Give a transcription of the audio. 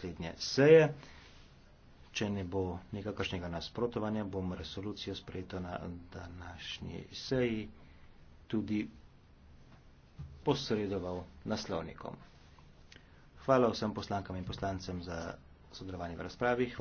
naslednje seje. Če ne bo nekakšnega nasprotovanja, bom resolucijo sprejeto na današnji seji tudi posredoval naslovnikom. Hvala vsem poslankam in poslancem za sodelovanje v razpravi. Hvala